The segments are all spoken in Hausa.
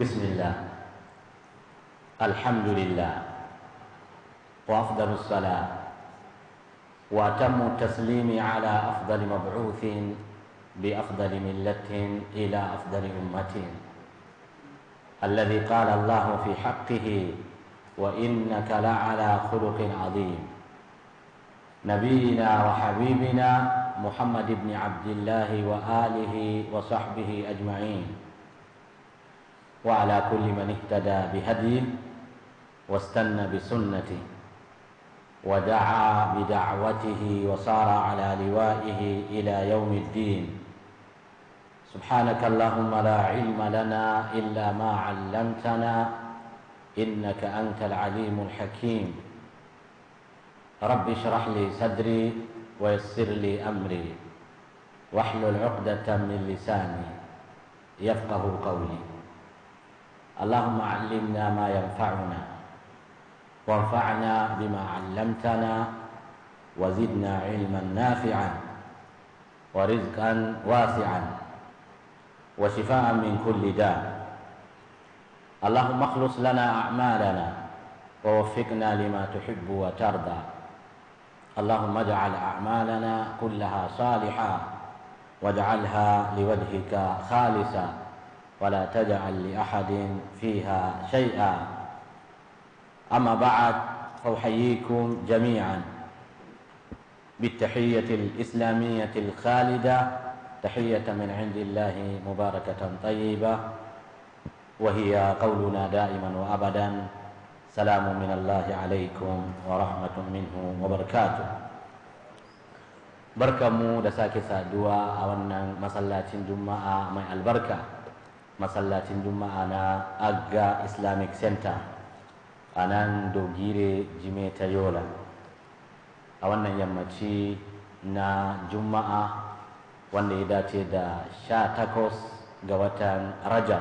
بسم الله الحمد لله وأفضل الصلاة وأتم التسليم على أفضل مبعوث بأفضل ملة إلى أفضل أمة الذي قال الله في حقه وإنك لعلى خلق عظيم نبينا وحبيبنا محمد بن عبد الله وآله وصحبه أجمعين وعلى كل من اهتدى بهدي واستنى بسنته ودعا بدعوته وصار على لوائه إلى يوم الدين سبحانك اللهم لا علم لنا إلا ما علمتنا إنك أنت العليم الحكيم رب اشرح لي صدري ويسر لي أمري واحلل عقدة من لساني يفقه قولي اللهم علمنا ما ينفعنا وانفعنا بما علمتنا وزدنا علما نافعا ورزقا واسعا وشفاء من كل داء اللهم اخلص لنا اعمالنا ووفقنا لما تحب وترضى اللهم اجعل اعمالنا كلها صالحه واجعلها لوجهك خالصا ولا تجعل لأحد فيها شيئا أما بعد فأحييكم جميعا بالتحية الإسلامية الخالدة تحية من عند الله مباركة طيبة وهي قولنا دائما وأبدا سلام من الله عليكم ورحمة منه وبركاته بركة مو دساكي دواء أو أن مسلاتين جمعة مع البركة masallacin juma'a na agga islamic center a nan dogire jime ta yola a wannan yammaci na juma'a wanda ya dace da sha takwas ga watan rajab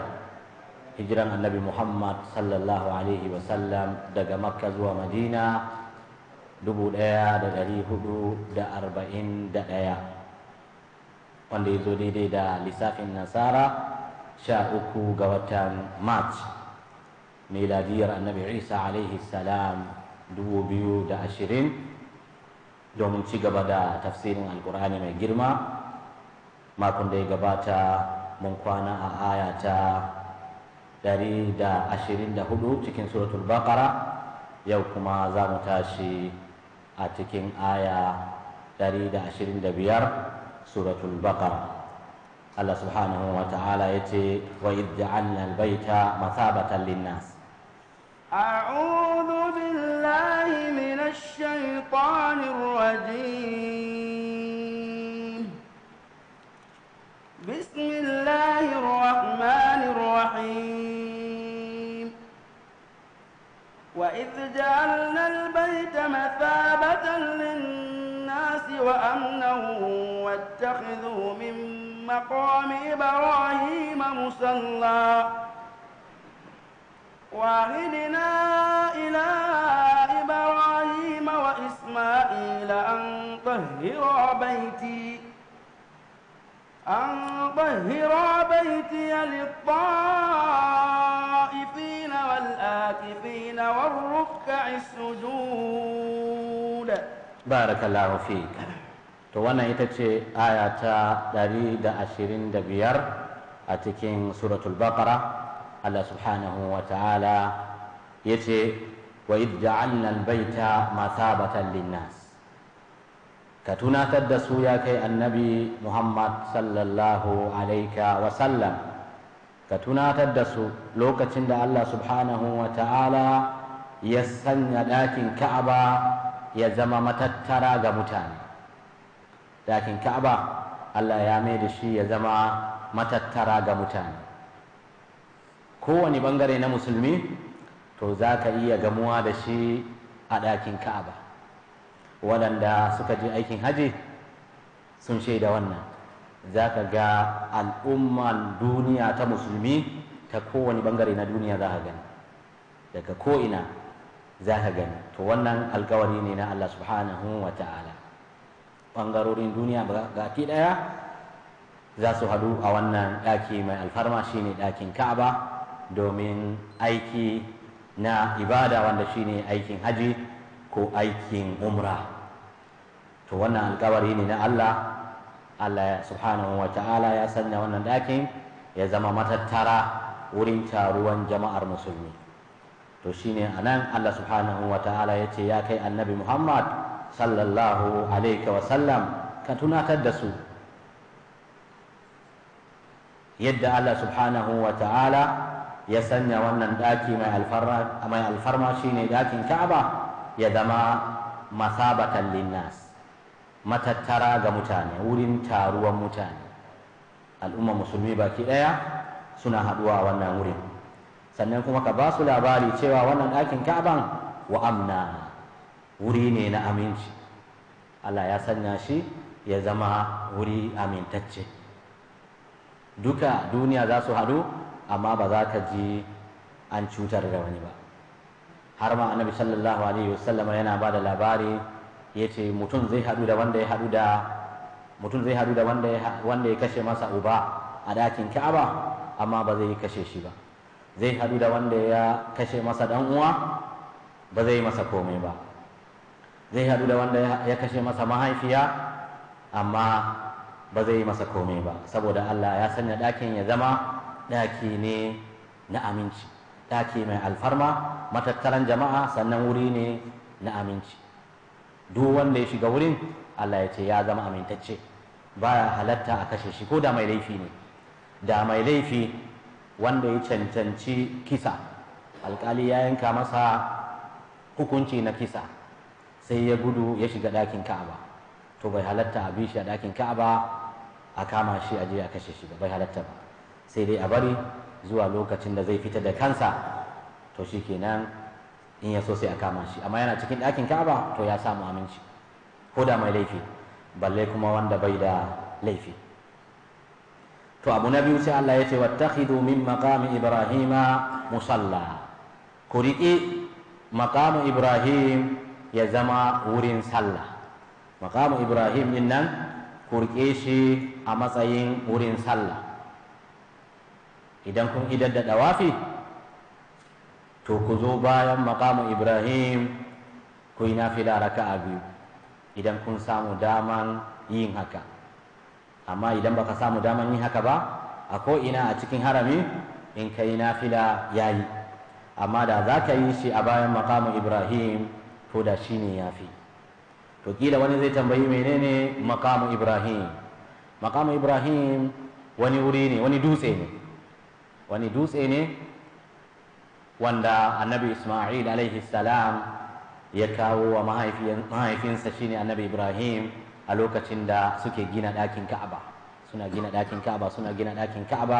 hijiran annabi muhammad sallallahu alaihi wasallam daga makka zuwa madina 1441 wanda ya zo daidai da lissafin nasara sha uku ga watan march miladiyar annabi isa alaihi salam dubu biyu da ashirin domin ci gaba da tafsirin alkur'ani mai girma makon da ya gabata mun kwana a aya ta hudu cikin suratul baqara yau kuma za mu tashi a cikin aya da 125 suratul baqara الله سبحانه وتعالى يتي وإذ جعلنا البيت مثابة للناس أعوذ بالله من الشيطان الرجيم بسم الله الرحمن الرحيم وإذ جعلنا البيت مثابة للناس وأمنا واتخذوا من مقام إبراهيم مصلى وعدنا إلى إبراهيم وإسماعيل أن طهر بيتي أن طهر بيتي للطائفين والآكفين والركع السجود بارك الله فيك to wannan ita ce aya ta 125 a cikin suratul baqara Allah subhanahu wa ta'ala yace wa idh ja'alna al-baita mathabatan lin ka tunatar da su ya kai annabi Muhammad sallallahu alayka wa sallam ka tunatar da su lokacin da Allah subhanahu wa ta'ala ya sanya dakin Ka'aba ya zama matattara ga mutane Dakin ka'aba allah ya mai da shi ya zama matattara ga mutane kowane bangare na musulmi to za ka iya gamuwa da shi a ɗakin ka'aba waɗanda suka je aikin haji sun shaida wannan za ka ga al'umman duniya ta musulmi ta kowane bangare na duniya za ka gani daga ko'ina za ka gani to wannan alkawari ne na allah subhanahu wa ta'ala ɓangarorin duniya gaki ɗaya za su haɗu a wannan ɗaki mai alfarma shine ɗakin ka'aba domin aiki na ibada wanda shine aikin haji ko aikin umra to wannan alkawari ne na allah allah subhanahu wa ta'ala ya sanya wannan ɗakin ya zama matattara wurin taruwan jama'ar musulmi to shine anan allah subhanahu wa ta'ala ya ce ya kai annabi muhammad صلى الله عليه وسلم كتنا تدسو يد الله سبحانه وتعالى يسنى ونن داكي ما الفرما الفرما شيني داكي كعبة يدما مثابة للناس متى ترى غمتاني ولن ترى ومتاني الأمة مسلمي باكي ليا سنة هدوا ونن ورين سنة كما كباسو لعبالي تيوا ونن داكي كعبة وأمنا wuri ne na aminci Allah ya sanya shi ya zama wuri amintacce duka duniya za su haɗu amma ba za ka ji an cutar da wani ba har ma annabi sallallahu alaihi wasallama yana ba da labari ya ce mutum zai haɗu da wanda ya haɗu da mutum zai haɗu da wanda ya kashe masa uba a dakin ka'aba amma ba zai kashe shi ba zai haɗu da wanda ya kashe masa ɗan uwa ba zai masa komai ba zai haɗu da wanda ya kashe masa mahaifiya amma ba zai yi masa komai ba saboda Allah ya sanya ɗakin ya zama ɗaki ne na aminci ɗaki mai alfarma matattaran jama'a sannan wuri ne na aminci duk wanda ya shiga wurin Allah ya ce ya zama amintacce ba ya halatta a kashe shi ko da mai laifi ne da mai laifi wanda ya cancanci kisa alkali ya yanka masa hukunci na kisa sai ya gudu ya shiga ɗakin ka'aba to bai halatta a bi shi a ɗakin ka'aba a kama shi a je a kashe shi bai halatta ba sai dai a bari zuwa lokacin da zai fita da kansa to shi kenan in ya so sai a kama shi amma yana cikin ɗakin ka'aba to ya samu aminci ko da mai laifi balle kuma wanda bai da laifi to abu na biyu sai Allah ya ce wattakhidhu min maqami ibrahima musalla ku riƙi maqamu ibrahim ya zama wurin sallah makamu ibrahim din nan kurke shi a matsayin wurin sallah idan kun idar da dawafi to ku zo bayan makamu ibrahim ku yi nafila a biyu idan kun samu daman yin haka amma idan baka samu daman yin haka ba a ko'ina a cikin harami in ka yi nafila yayi amma da za ka yi shi a bayan makamu ibrahim to da shi ne ya fi to kila wani zai tambayi menene makamu ibrahim makamu ibrahim wani wuri ne wani dutse ne wani dutse ne wanda annabi isma'il alaihi salam ya kawo wa mahaifinsa shine annabi ibrahim a lokacin da suke gina ɗakin ka'aba suna gina ɗakin ka'aba suna gina ɗakin ka'aba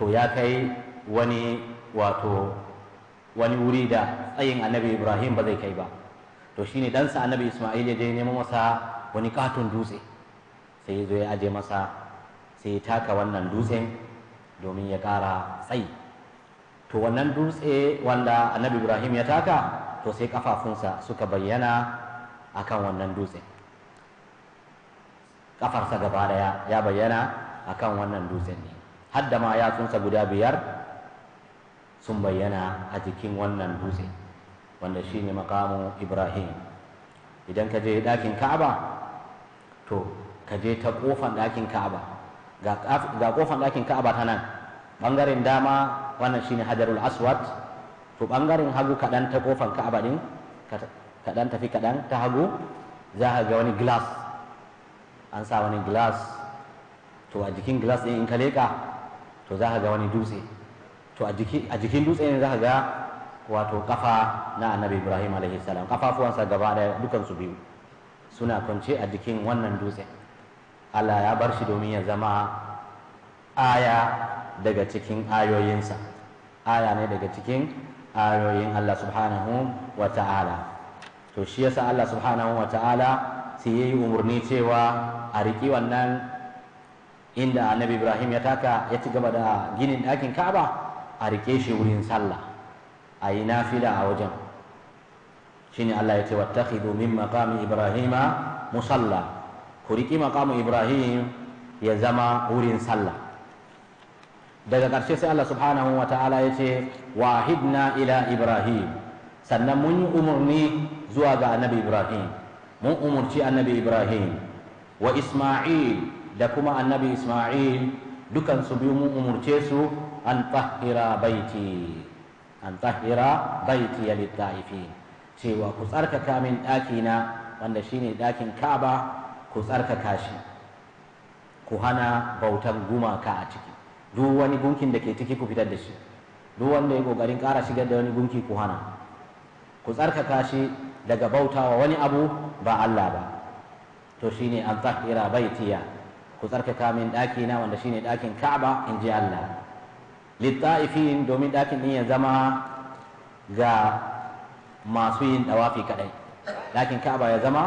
to ya kai wani wato wani wuri da tsayin annabi ibrahim ba zai kai ba to shine ɗansa annabi isma'il ya je neman masa wani katon dutse sai ya zo ya aje masa sai ya taka wannan dutsen domin ya ƙara tsayi to wannan dutse wanda annabi ibrahim ya taka to sai kafafunsa suka bayyana akan wannan dutse. kafarsa gaba daya ya bayyana akan wannan dutse. ne hadda ma yatsunsa guda biyar sun bayyana a jikin wannan dutse wanda shi ne makamun ibrahim idan ka je ɗakin ka'aba to ka je ta kofan ɗakin ka'aba ga kofan ɗakin ka'aba ta nan ɓangaren dama wannan shi ne hajarul aswad to ɓangaren hagu kaɗan ta kofan ka'aba ɗin kaɗan tafi kaɗan ta hagu za ka ga wani glass an sa wani glass to a jikin glass ɗin in ka leƙa to za ka ga wani dutse to a jikin dutse ne za ka ga wato kafa na annabi ibrahim alaihi salam kafafuwansa gaba daya dukansu biyu suna kwance a jikin wannan dutse allah ya bar shi domin ya zama aya daga cikin ayoyinsa aya ne daga cikin ayoyin allah subhanahu wa ta'ala to shi yasa allah subhanahu wa ta'ala sai ya yi umarni cewa a riƙi wannan inda annabi ibrahim ya taka ya ci gaba da ginin ɗakin ka'aba a rike shi wurin sallah a yi nafila a wajen shine Allah ya ce wattakhidhu min maqami ibrahima musalla ku riƙi maqamu ibrahim ya zama wurin sallah daga ƙarshe sai Allah subhanahu wa ta'ala ya ce wahidna ila ibrahim sannan mun yi umarni zuwa ga annabi ibrahim mun umarci annabi ibrahim wa isma'il da kuma annabi isma'il dukansu biyu mun umarce su an baiti antahira baiti ya littafi cewa ku tsarkaka min ɗakina wanda shine ɗakin kaba ku tsarkaka shi ku hana bautan gumaka a ciki duk wani gunkin da ke ciki ku fitar da shi duk wanda ya kokarin ƙara shigar da wani gunki ku hana ku tsarkaka shi daga bautawa wani abu ba Allah ba to shine an tsahira baitiya ku tsarkaka min ɗakina wanda shine ɗakin kaba in ji Allah litta'ifin domin ɗakin ɗin ya zama ga masu yin ɗawafi kaɗai ɗakin ka'aba ya zama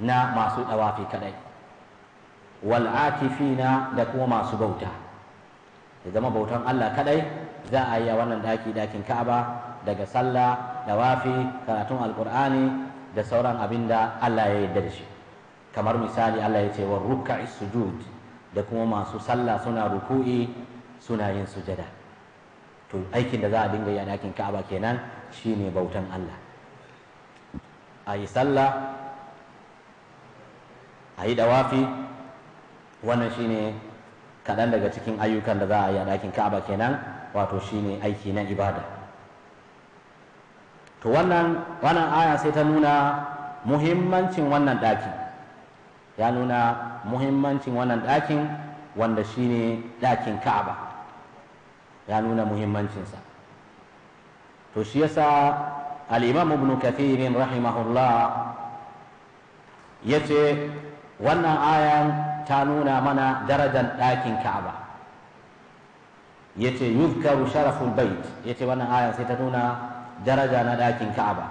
na masu ɗawafi kaɗai wal'akifina da kuma masu bauta ya zama bautan Allah kaɗai za a yi a wannan ɗaki ɗakin ka'aba daga sallah ɗawafi karatun alƙur'ani da sauran abin da Allah ya yarda da shi kamar misali Allah ya ce wa rukka'i sujud da kuma masu sallah suna ruku'i suna yin sujada to aikin da za a dinga yi a ka'aba kenan shine bautan Allah a yi sallah a yi dawafi wannan shine kaɗan daga cikin ayyukan da za a yi a ɗakin ka'aba kenan wato shine aiki na ibada to wannan aya sai ta nuna muhimmancin wannan ɗakin ya nuna muhimmancin wannan ɗakin wanda shine ɗakin ka'aba ya nuna muhimmancinsa to shi yasa al-imam ibn kathir rahimahullah yace wannan ayan ta nuna mana darajar ɗakin ka'aba yace yuzkaru sharaful bait yace wannan ayan sai ta nuna daraja na ɗakin ka'aba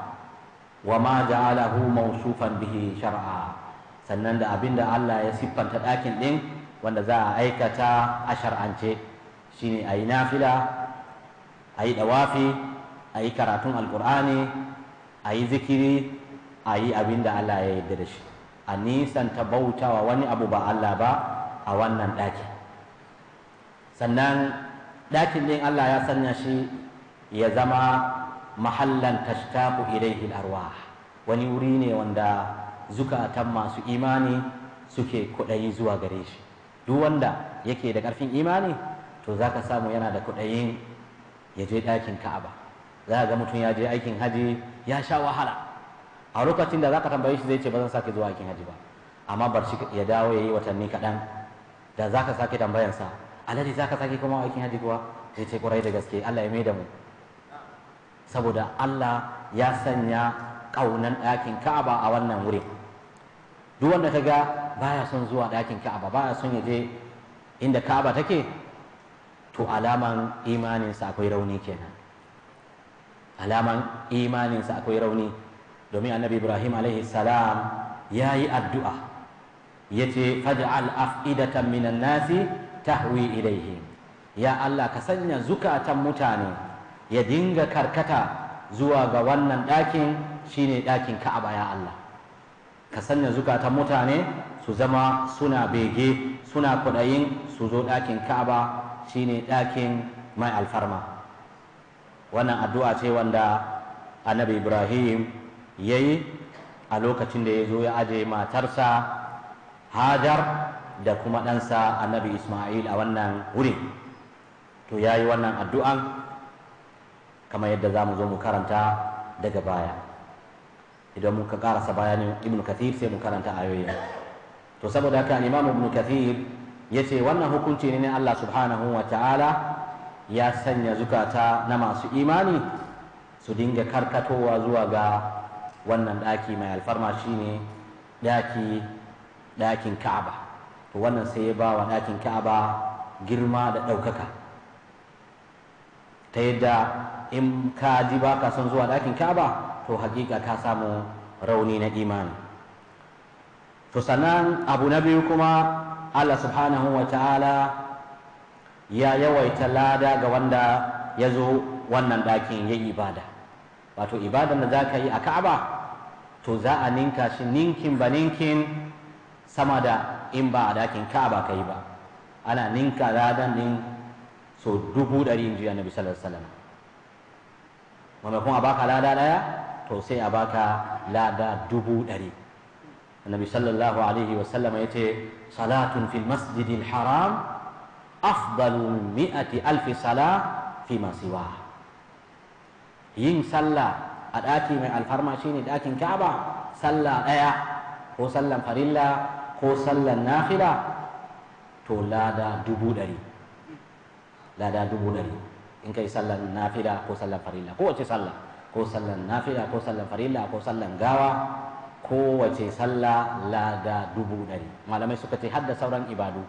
wa ma ja'alahu mawsufan bihi shar'a sannan da abinda Allah ya siffanta ɗakin ɗin wanda za a aikata a shar'ance shine a yi nafila a yi dawafi a yi karatun alkur'ani a yi zikiri a yi abin da allah ya yarda da shi a nisan nisanta bautawa wani abu ba allah ba a wannan ɗakin sannan ɗakin ɗin allah ya sanya shi ya zama mahallan idan ilaihi arwa wani wuri ne wanda zukatan masu imani suke kudayi zuwa gare shi duk wanda yake da ƙarfin imani to za ka samu yana da kuɗayin ya je ɗakin ka'aba za ga mutum ya je aikin haji ya sha wahala a lokacin da za ka tambaye shi zai ce ba zan sake zuwa aikin haji ba amma bar shi ya dawo ya yi watanni kaɗan da za ka sake tambayansa alhaji za ka sake kuma aikin haji kuwa zai ce kwarai da gaske allah ya mai da mu saboda allah ya sanya ƙaunan ɗakin ka'aba a wannan wurin duk wanda ka ga baya son zuwa ɗakin ka'aba baya son ya je inda ka'aba take to alaman imaninsa akwai rauni kenan alaman imaninsa akwai rauni domin annabi ibrahim alaihi salam ya yi addu'a ya ce faj'al af'idatan minan nasi tahwi ilaihim ya allah ka sanya zukatan mutane ya dinga karkata zuwa ga wannan ɗakin shine ɗakin ka'aba ya allah ka sanya zukatan mutane su zama suna bege suna kudayin su zo ɗakin ka'aba shine ɗakin mai alfarma wannan addu'a ce wanda annabi ibrahim ya yi a lokacin da ya zo ya aje matarsa hajar da kuma ɗansa annabi ismail a wannan wurin to ya yi wannan addu'an kamar yadda za mu zo mu karanta daga baya idan muka karasa bayanin ibn kathir sai mu karanta ayoyin to saboda haka imamu ibn kathir ya ce wannan hukunci ne na Allah subhanahu wa ta'ala ya sanya zukata na masu imani su dinga karkatowa zuwa ga wannan ɗaki mai alfarma shine ne ɗakin ka'aba to wannan sai ya ba wa ɗakin ka'aba girma da ɗaukaka ta yadda in ka ji ba ka son zuwa ɗakin ka'aba to hakika ka samu rauni na imani to sannan abu na biyu kuma Allah subhanahu wa ta'ala ya yawaita lada ga wanda ya zo wannan ɗakin ya ibada wato ibadan da za ka yi a ka'aba to za a ninka shi ninkin ba ninkin sama da in ba a ɗakin ka'aba ka yi ba ana ninka ladan ɗin so dubu ɗari in ji annabi sallallahu alaihi wasallam maimakon a baka lada ɗaya to sai a baka lada dubu ɗari annabi sallallahu alaihi wasallam ya ce salatun fil masjidil haram afdalu mi'ati alfi sala fi masiwa yin salla a ɗaki mai alfarma shine ɗakin ka'aba sallah ɗaya ko sallan farilla ko sallan nafila to lada dubu ɗari lada dubu ɗari in kai sallan nafila ko sallan farilla ko wace salla ko nafila ko ko sallan gawa kowace sallah lada dubu ɗari malamai suka ce har da sauran ibadu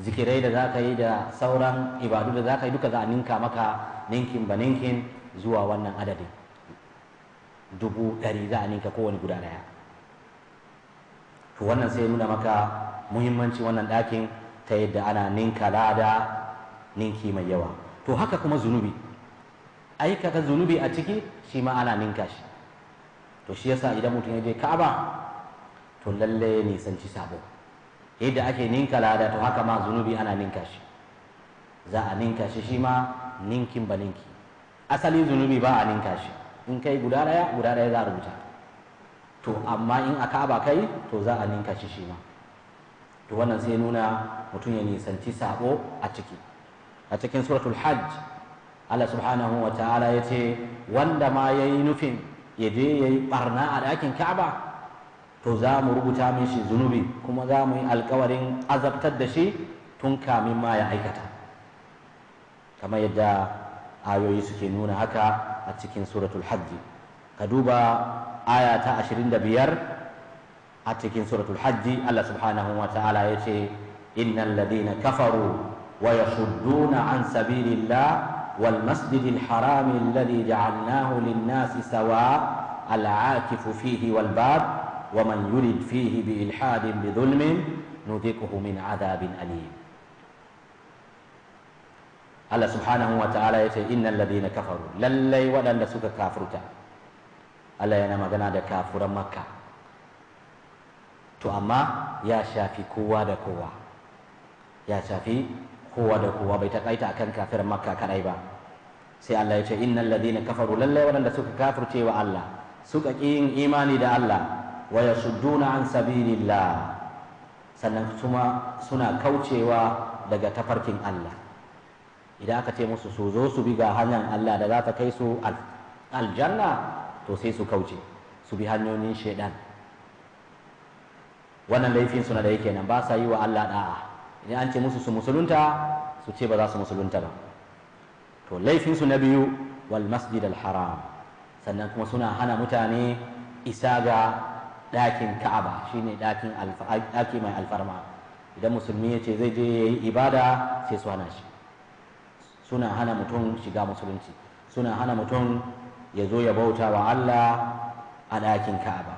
zikirai da za ka yi da sauran ibadu da za ka yi duka za a ninka maka ninkin ba ninkin zuwa wannan adadin dubu ɗari za a ninka kowane guda ɗaya to wannan sai nuna maka muhimmanci wannan ɗakin ta yadda ana ninka lada ninki mai yawa to haka kuma zunubi aikata zunubi a ciki shi ma ana ninka shi to shi yasa idan mutum ya je ka'aba to lalle ya nisanci sabo yadda ake ninka lada to haka ma zunubi ana ninka shi za a ninka shi shi ma ninkin ba ninki asali zunubi ba a ninka shi in kai guda daya guda daya za a rubuta to amma in a ka'aba kai to za a ninka shi shi ma to wannan sai nuna mutum ya nisanci sabo a ciki a cikin suratul hajj Allah subhanahu wa ta'ala ya ce wanda ma ya yi nufin ya je ya yi barna a ɗakin ka'aba to za mu rubuta min shi zunubi kuma za mu yi alkawarin azabtar da shi tun kamin ma ya aikata kamar yadda ayoyi suke nuna haka a cikin suratul hajji ka duba aya ta 25 a cikin suratul hajji Allah subhanahu wa ta'ala ya ce innal ladina kafaru wa yasudduna an sabilillah والمسجد الحرام الذي جعلناه للناس سواء العاكف فيه والباب ومن يرد فيه بإلحاد بظلم نذقه من عذاب أليم الله سبحانه وتعالى يتي إن الذين كفروا للي ولا لسك كافرتا الله ينمى جناد كافر مكة تؤما يا شافي كوا دا يا شافي كوا دا بيتك بيتقايتا كان كافر مكة كان sai Allah ya ce innal ladina kafaru lallai waɗanda suka kafirce wa Allah suka ƙi yin imani da Allah wa yasudduna an sabilillah sannan kuma suna kaucewa daga tafarkin Allah idan aka ce musu su zo su bi ga hanyar Allah da za ta kai su aljanna to sai su kauce su bi hanyoyin shaidan wannan laifin suna da yake nan ba sa yi wa Allah da'a idan an ce musu su musulunta su ce ba za su musulunta ba to laifinsu na biyu wal masjid al haram sannan kuma suna hana mutane isa ga ɗakin ka'aba shine ɗakin ɗaki mai alfarma idan musulmi ya ce zai je ya yi ibada sai su hana shi suna hana mutum shiga musulunci suna hana mutum ya zo ya bauta wa Allah a ɗakin ka'aba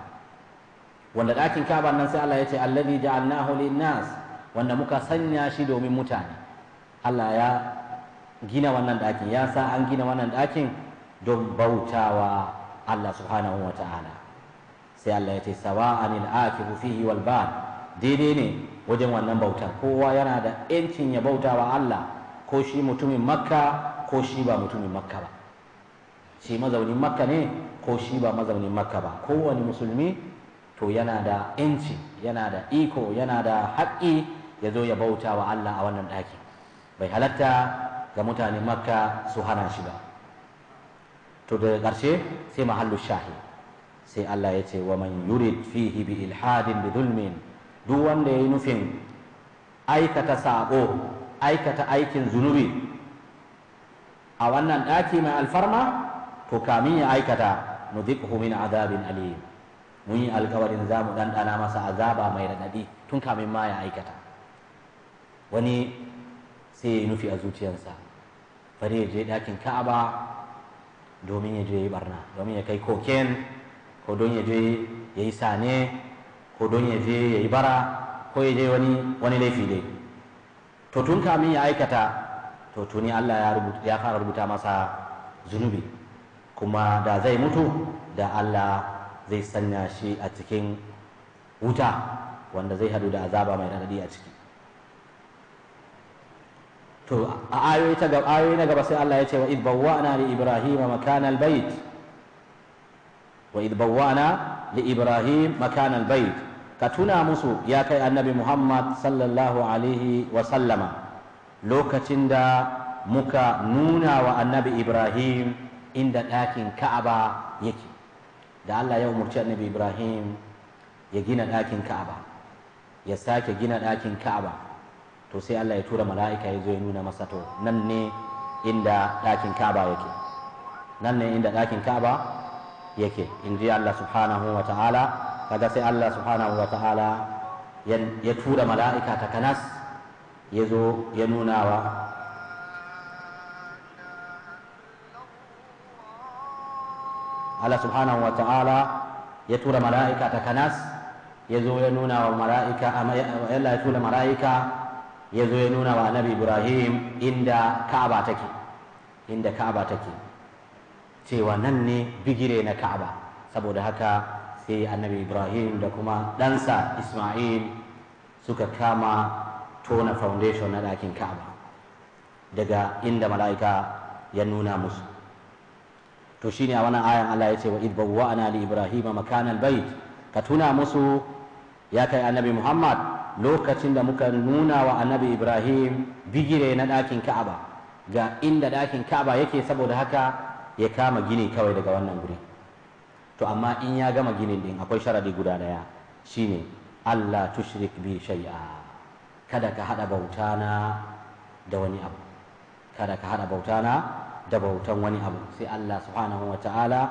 wanda ɗakin ka'aba nan sai Allah ya ce alladhi ja'alnahu lin-nas wanda muka sanya shi domin mutane Allah ya gina wannan ɗakin ya sa an gina wannan ɗakin don bautawa Allah subhanahu wa ta'ala sai Allah ya ce sawa'an al-akifu fihi wal daidai ne wajen wannan bauta. kowa yana da yancin ya bautawa Allah ko shi mutumin makka ko shi ba mutumin makka ba shi mazaunin makka ne ko shi ba mazaunin makka ba kowane musulmi to yana da yanci yana da iko yana da haƙƙi ya zo ya bauta wa Allah a wannan ɗaki bai halatta ga mutane makka su hana shi ba to daga ƙarshe sai mahallu shahi sai Allah ya ce wa man yurid fihi bi ilhadin bi zulmin duk wanda yayi nufin aikata sako aikata aikin zunubi a wannan ɗaki mai alfarma to kamin ya aikata nudhiqhu min azabin alim mun yi alkawarin za mu ɗanɗana masa azaba mai raɗaɗi tun kamin ma ya aikata wani sai ya nufi a zuciyarsa bari ya je ɗakin ka'aba domin ya je ya yi barna domin ya kai koken ko don ya je ya yi sane ko don ya je ya yi bara ko ya je wani laifi dai to tun kamin ya aikata to tuni Allah ya fara rubuta masa zunubi kuma da zai mutu da Allah zai sanya shi a cikin wuta wanda zai hadu da azaba mai radadi a ciki to a ayoyi ta gaba ayoyi na gaba sai Allah ya ce wa id bawwa'na li ibrahima makana albayt wa id bawwa'na li ibrahim makana albayt ka tuna musu ya kai annabi muhammad sallallahu alaihi wa sallama lokacin da muka nuna wa annabi ibrahim inda ɗakin ka'aba yake da Allah ya umarci annabi ibrahim ya gina ɗakin ka'aba ya sake gina ɗakin ka'aba to sai Allah ya tura mala'ika ya zo ya nuna masa to nan ne inda ɗakin Ka'aba yake nan ne inda ɗakin Ka'aba yake in ji Allah subhanahu wa ta'ala kaga sai Allah subhanahu wa ta'ala ya tura mala'ika ta kanas ya zo ya nuna wa Allah subhanahu wa ta'ala ya tura mala'ika ta kanas ya zo ya nuna wa mala'ika Allah ya tura mala'ika ya zo ya nuna wa annabi ibrahim inda ka'aba take inda ka'aba take cewa nan ne bigire na ka'aba saboda haka sai annabi ibrahim da kuma ɗansa isma'il suka kama tona foundation na ɗakin ka'aba daga inda mala'ika ya nuna musu to shine a wannan ayan Allah ya ce wa id ana li ibrahima makanal bait ka tuna musu ya kai annabi muhammad lokacin da muka nuna wa annabi ibrahim bigire na ɗakin ka'aba ga inda ɗakin ka'aba yake saboda haka ya kama gini kawai daga wannan guri to amma in ya gama ginin din akwai sharadi guda daya shine allah tushrik bi shay'a kada ka hada bauta na da wani abu kada ka hada bauta da bautan wani abu sai allah subhanahu wa ta'ala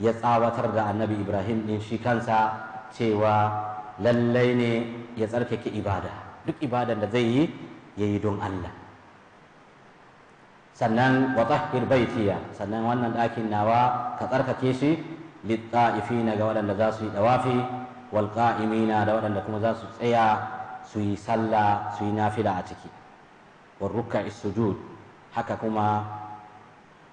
ya tsawatar da annabi ibrahim din shi kansa cewa lallai ne ya tsarkake ibada duk ibadan da zai yi ya yi don Allah sannan wa tahhir baitiya sannan wannan ɗakin nawa ka tsarkake shi na ga waɗanda za su yi dawafi wal qa'imina da waɗanda kuma za su tsaya su yi sallah su yi nafila a ciki wal ruk'a sujud haka kuma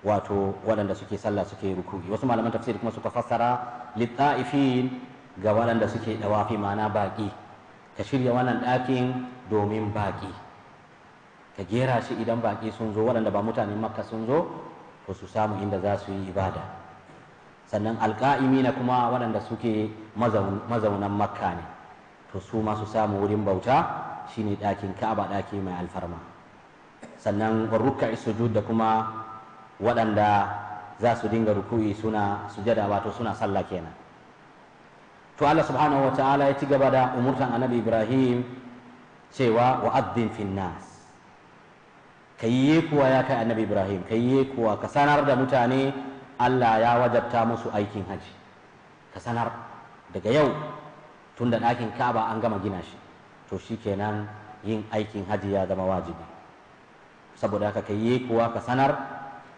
wato waɗanda suke sallah suke ruku'i wasu malaman tafsir kuma suka fassara litta'ifin ga waɗanda suke dawafi ma'ana baƙi ka shirya wannan ɗakin domin baƙi ka gera shi idan baƙi sun zo waɗanda ba mutane makka sun zo to su samu inda za su yi ibada sannan alƙa'imi na kuma waɗanda suke mazaunan makka ne to su ma su samu wurin bauta shine ɗakin ka'aba ɗaki mai alfarma sannan rukka sujud da kuma waɗanda za su dinga ruku'i suna sujada wato suna sallah kenan to Allah subhanahu wa ta'ala ya ci gaba da umurtan annabi Ibrahim cewa wa wa'addin finnas ka yi kuwa ya kai annabi Ibrahim ka yi kuwa ka sanar da mutane Allah ya wajabta musu aikin haji ka sanar daga yau tun da ɗakin kaba an gama gina shi to shi shikenan yin aikin haji ya zama wajibi saboda haka ka yi kuwa ka sanar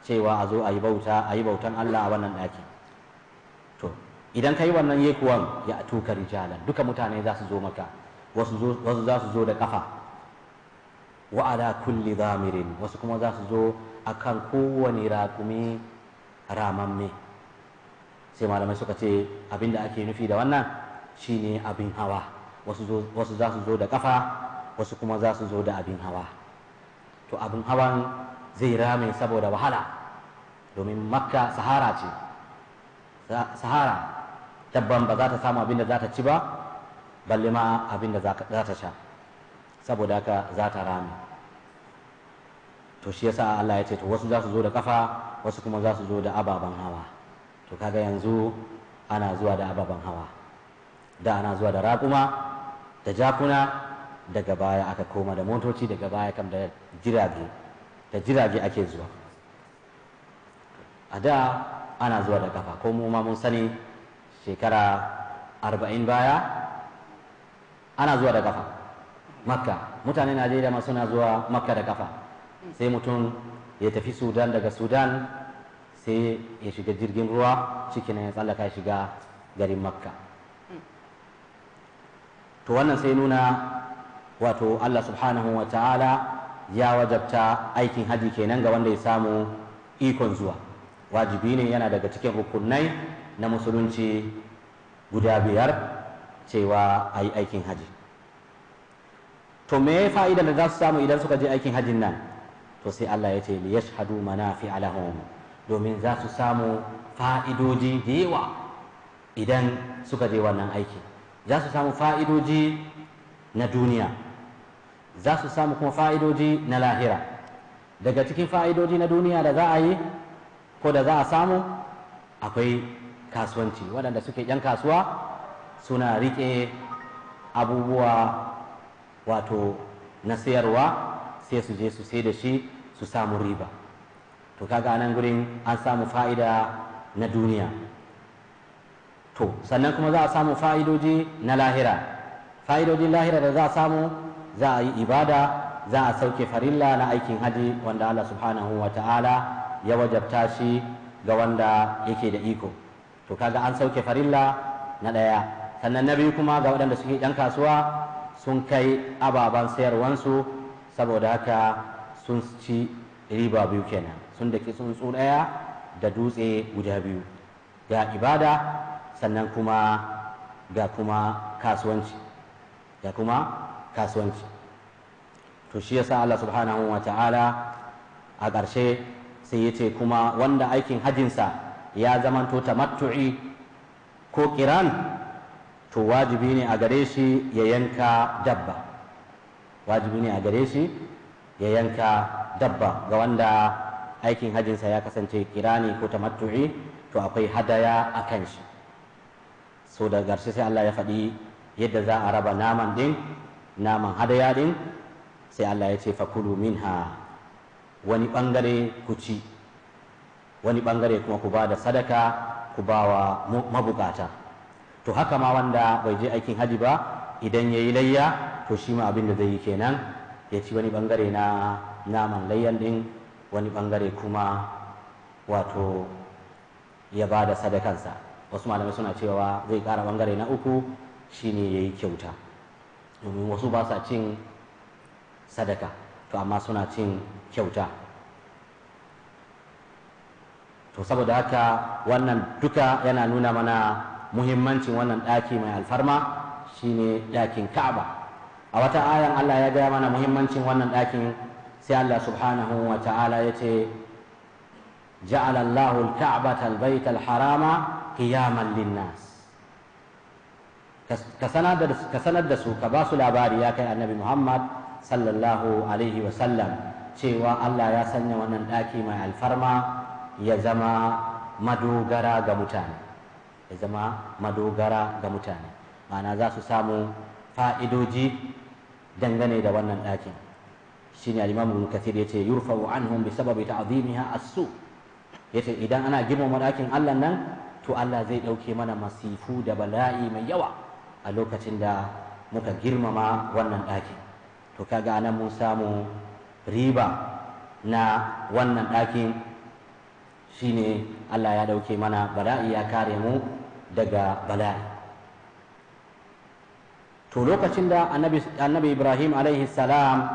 cewa a zo a yi bauta a yi bautan Allah a wannan ɗakin idan ka yi wannan yekuwan ya tuka rijalan duka mutane za su zo maka wasu za su zo da kafa wa ala kulli zamirin wasu kuma za su zo a kan kowane raƙumi ramamme sai malamai suka ce abin da ake nufi da wannan shine abin hawa wasu za su zo da kafa wasu kuma za su zo da abin hawa to abin hawan zai rame saboda wahala domin makka sahara ce sahara dabban ba za ta samu abin da za ta ci ba balle ma abin da za ta sha saboda haka za ta rame to shi yasa Allah ya ce to wasu za su zo da kafa wasu kuma za su zo da ababen hawa to kaga yanzu ana zuwa da ababen hawa da ana zuwa da raƙuma da jakuna daga baya aka koma da motoci daga baya kam da jirage da jirage ake zuwa a da ana zuwa da kafa ko mu ma mun sani shekara arba'in baya ana zuwa da kafa makka mutane najeriya ma suna zuwa makka da kafa sai mutum ya tafi sudan daga sudan sai ya shiga jirgin ruwa cikin ya tsallaka shiga garin makka to wannan sai nuna wato allah subhanahu wa ta'ala ya wajabta aikin haji kenan ga wanda ya samu ikon zuwa wajibi ne yana daga cikin rukunai na musulunci guda biyar cewa a yi aikin haji to me fa'ida da za su samu idan suka je aikin hajin nan to sai Allah ya ce li yashhadu manafi alahum domin za su samu fa'idoji da yawa idan suka je wannan aiki za su samu fa'idoji na duniya za su samu kuma fa'idoji na lahira daga cikin fa'idoji na duniya da za a yi ko da za a samu akwai kasuwanci waɗanda suke 'yan kasuwa suna riƙe abubuwa wato na sayarwa sai su je su sai da shi su samu riba to kaga nan gurin an samu fa'ida na duniya to sannan kuma za a samu fa'idoji na lahira fa'idojin lahira da za a samu za a yi ibada za a sauke farilla na aikin haji wanda Allah subhanahu wa ta'ala ya wajabta shi ga wanda yake da iko to kaga an sauke farilla na ɗaya sannan na biyu kuma ga waɗanda suke ɗan kasuwa sun kai ababen sayarwansu saboda haka sun ci riba biyu kenan sun da tsuntsu ɗaya da dutse guda biyu ga ibada sannan kuma ga kuma kasuwanci ga kuma kasuwanci to shi yasa Allah subhanahu wa ta'ala a ƙarshe sai ya ce kuma wanda aikin hajinsa. ya zamanto tamattu'i ko kiran to wajibi ne a gare shi ya yanka dabba wajibi ne a gare shi ya yanka dabba ga wanda aikin hajjinsa ya kasance kirani ko tamattu'i to akwai hadaya a kan shi so da garshe sai Allah ya faɗi yadda za a raba naman ɗin naman hadaya din sai Allah ya ce fakulu minha wani ɓangare ku ci wani bangare kuma ku ba da sadaka ku ba wa mabukata to haka ma wanda bai je aikin haji ba idan ya yi layya to shi ma abin da zai yi kenan ya ci wani bangare na naman layyan din wani bangare kuma wato ya ba da sadakansa wasu malamai suna cewa zai kara bangare na uku shine ya yi kyauta domin wasu ba sa cin sadaka to amma suna cin kyauta to saboda haka wannan duka yana nuna mana muhimmancin wannan ɗaki mai alfarma shine ɗakin ka'aba a wata ayan allah ya gaya mana muhimmancin wannan ɗakin sai allah subhanahu wa ta'ala ya ce ja'ala allahu al-ka'bata al-bayta al-harama qiyaman lin-nas ka sanar da su ka ba su labari ya kai annabi muhammad sallallahu alaihi sallam, cewa allah ya sanya wannan ɗaki mai alfarma ya zama madogara ga mutane ya zama madogara ga mutane ma'ana za su samu fa'idoji dangane da wannan ɗakin shine ne imam ibn kathir yace yurfa'u anhum bi sababi ta'zimiha as-su yace idan ana girmama ɗakin Allah nan to Allah zai ɗauke mana masifu da bala'i mai yawa a lokacin da muka girmama wannan ɗakin to kaga anan mun samu riba na wannan ɗakin shine Allah ya dauke mana bala'i ya kare mu daga bala'i to lokacin da annabi Ibrahim alaihi salam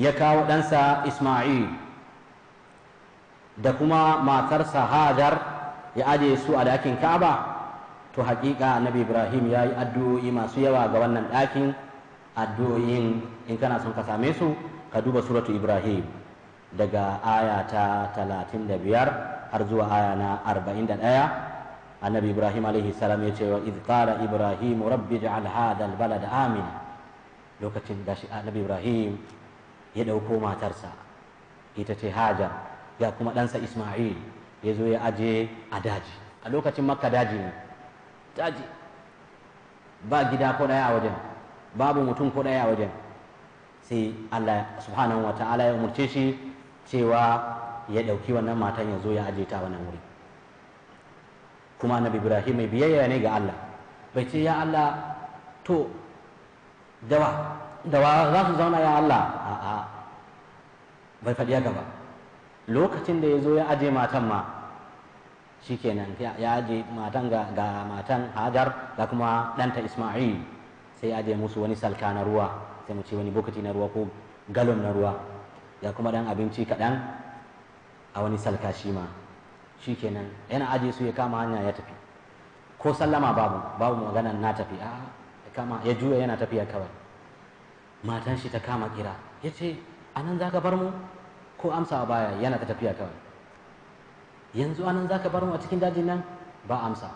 ya kawo ɗansa Ismail da kuma matarsa Hajar ya aje su a dakin Ka'aba to hakika annabi Ibrahim ya yi addu'o'i masu yawa ga wannan ɗakin addu'o'in in kana son ka same su ka duba suratu Ibrahim daga aya ta 35 har zuwa aya na 41 annabi ibrahim alaihi salam ya ce wa idh qala ibrahim rabbi hada hadha da amina lokacin da shi annabi ibrahim ya dauko matarsa ita ce hajar ya kuma ɗansa isma'il ya zo ya aje a daji a lokacin makka daji ne daji ba gida ko ɗaya a wajen babu mutum ko ɗaya a wajen sai allah subhanahu wa ta'ala ya umarce shi cewa ya ɗauki wannan matan ya zo ya aje ta wannan wuri kuma na ibrahim mai biyayya ne ga allah bai ce ya allah to dawa dawa za su zauna ya allah a'a bai faɗi haka ba lokacin da ya zo ya aje matan ma shikenan ya aje matan ga, matan hajar da kuma ɗanta isma'il sai ya aje musu wani salka na ruwa sai mu ce wani bokati na ruwa ko galon na ruwa ya kuma dan abinci kaɗan a wani salka shi ma shi kenan yana ajiye su ya kama hanya ya tafi ko sallama babu babu maganan na tafi a ya kama ya juya yana tafiya kawai matan shi ta kama kira ya ce a nan za ka bar mu ko amsa a baya yana ta tafiya kawai yanzu a nan za ka bar mu a cikin dajin nan ba amsa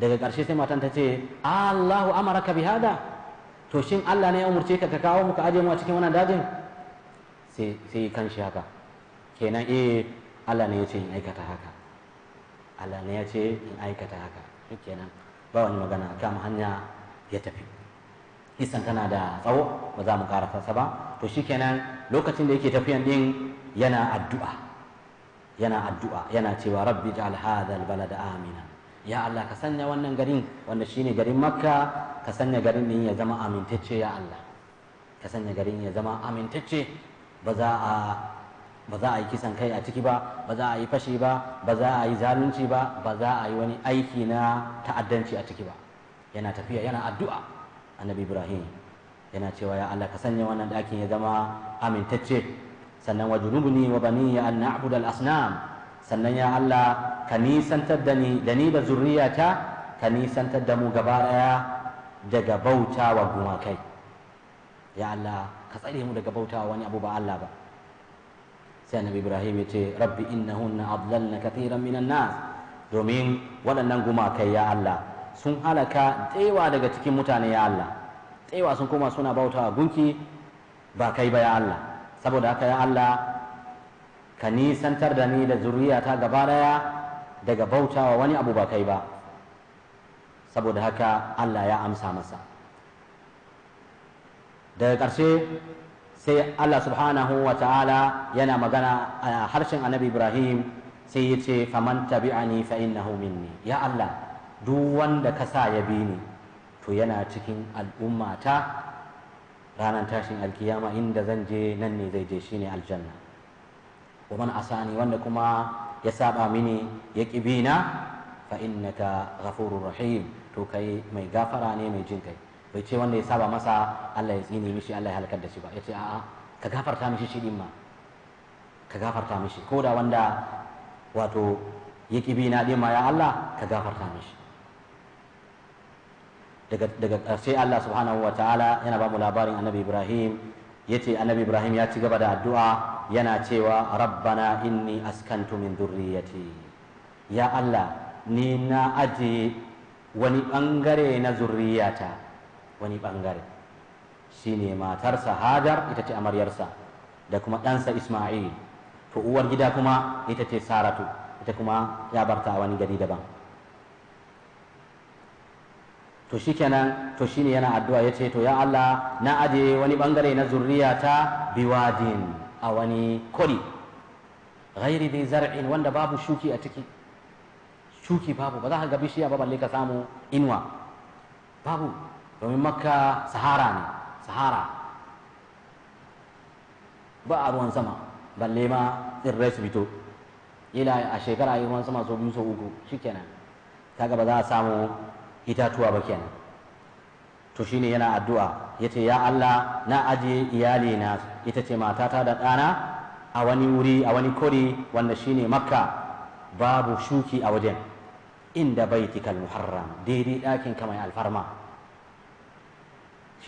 daga ƙarshe sai matan ta ce allahu ka bi hada to shin allah ne ya umurce ka ka kawo mu ka aje mu a cikin wannan dajin sai kan shi haka kenan eh Allah ne ya ce in aikata haka Allah ne ya ce in aikata haka kenan ba wani magana kama hanya ya tafi isan tana da tsawo ba za mu ƙara fasa ba to shi kenan lokacin da yake tafiyan din yana addu'a yana addu'a yana cewa rabbi ja'al hadha albalada amina ya Allah ka sanya wannan garin wanda shine garin makka ka sanya garin din ya zama amintacce ya Allah ka sanya garin ya zama amintacce ba za a yi kisan kai a ciki ba ba za a yi fashi ba ba za a yi zalunci ba ba za a yi wani aiki na ta'addanci a ciki ba yana tafiya yana addu'a annabi ibrahim yana cewa ya Allah ka sanya wannan ɗakin ya zama amintacce sannan wa junubni wa bani ya an na'budu al asnam sannan ya Allah ka nisantar da ni da ni da zurriyata ka nisantar da mu gaba daya daga bauta wa gumakai ya Allah ka tsare mu daga bautawa wani abu ba Allah ba sai annabi Ibrahim ya ce rabbi innahunna adlalna katiran minan nas domin waɗannan gumakai ya Allah sun halaka tsewa daga cikin mutane ya Allah tsewa sun koma suna bautawa gunki ba kai ba ya Allah saboda haka ya Allah ka nisantar da ni da zuriyata gaba daya daga bautawa wani abu ba kai ba saboda haka Allah ya amsa masa daga ƙarshe sai Allah subhanahu wa ta'ala yana magana a harshen annabi Ibrahim sai ya ce faman tabi'ani fa innahu minni ya Allah duk wanda ka sa ya bi ni to yana cikin al'ummata ranar tashin alkiyama inda zan je nan ne zai je shine aljanna wa man asani wanda kuma ya saba mini ya ƙibina fa innaka ghafurur rahim to kai mai gafara ne mai jin kai bai ce wanda ya saba masa Allah ya tsine mishi Allah ya halakar da shi ba yace a'a ka gafarta mishi shi din ma ka gafarta mishi ko da wanda wato ya kibi na din ma ya Allah ka gafarta mishi daga daga sai Allah subhanahu wa ta'ala yana ba mu labarin Annabi Ibrahim yace Annabi Ibrahim ya ci gaba da addu'a yana cewa rabbana inni askantu min dhurriyyati ya Allah ni na aje wani bangare na zurriyata wani bangare shine matarsa hajar ita ce amaryarsa da kuma ɗansa isma'il to uwar gida kuma ita ce saratu ita kuma ya barta a wani gari daban to kenan to ne yana addu'a ya ce to ya Allah na aje wani bangare na ta biwadin a wani kori ghairi bi zar'in wanda babu shuki a ciki shuki babu ba za ka ga bishiya ba balle ka samu inwa babu domin makka sahara ne sahara ba a ruwan sama balle ma rai su fito ila a shekara yi ruwan sama so biyu so uku kenan ta gaba za a samu itatuwa ba kenan to shine yana addu'a ya ce ya Allah na ajiye iyali na ita ce matata da ɗana a wani wuri a wani kori wanda shine makka babu shuki a wajen inda baitikal muharram daidai ɗakin kamar alfarma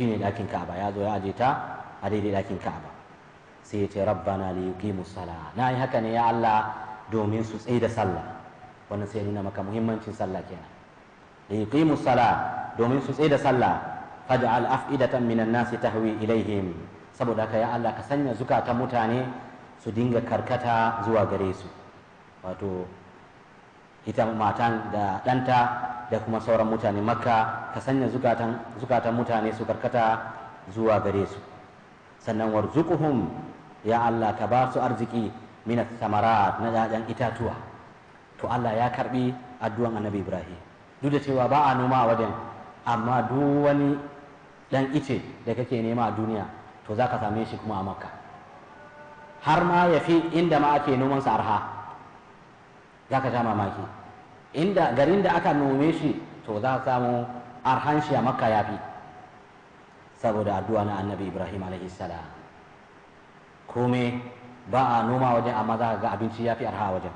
ne dakin Ka'aba ya zo ya aje ta a daidai dakin Ka'aba sai ya ce rabbana li yuqimu sala na yi haka ne ya Allah domin su tsaye da sallah wannan sai nuna maka muhimmancin sallah kenan li yuqimu sala domin su tsaye da sallah faj'al af'idatan minan nasi tahwi ilaihim saboda haka ya Allah ka sanya zukatan mutane su dinga karkata zuwa gare su wato ita matan da ɗanta da kuma sauran mutane makka ka sanya zukatan mutane su karkata zuwa gare su sannan warzuquhum ya Allah ka ba su arziki min samarat na ɗan itatuwa to Allah ya karbi addu'an Annabi Ibrahim duk da cewa ba a noma a wajen amma duk wani ɗan ice da kake nema a duniya to za ka same shi kuma a makka har ma ya fi inda ma ake nomansa arha za ka sha mamaki inda garin da aka nome shi to za a samu arhan shi a makka ya fi saboda addu'a na annabi ibrahim alaihi salam kome ba a noma wajen amma za ga abinci ya fi arha wajen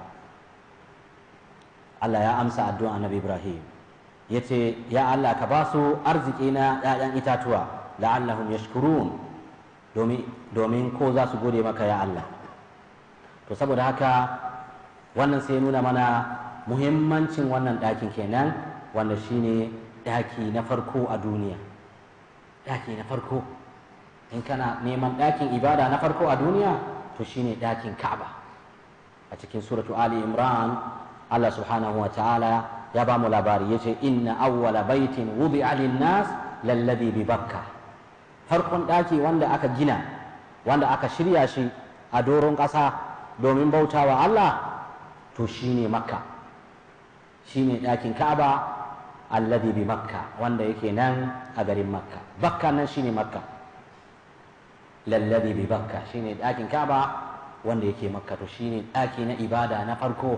allah ya amsa addu'a annabi ibrahim ya ce ya allah ka ba su arziki na 'ya'yan itatuwa la'allahum yashkurun domin ko za su gode maka ya allah to saboda haka wannan sai nuna mana muhimmancin wannan ɗakin kenan wanda shi ne ɗaki na farko a duniya ɗaki na farko in kana neman ɗakin ibada na farko a duniya to shi ne ɗakin ka'aba a cikin suratu ali imran allah subhanahu wa ta'ala ya ba mu labari ya ce inna awwala baitin wubi alin nas lallabi bi bakka farkon ɗaki wanda aka gina wanda aka shirya shi a doron ƙasa domin bautawa allah to shi ne makka shine ɗakin Ka'aba alladhi bi Makka wanda yake nan a garin Makka Bakka nan shine Makka lalladhi bi Bakka shine ɗakin Ka'aba wanda yake Makka to shine ɗaki na ibada na farko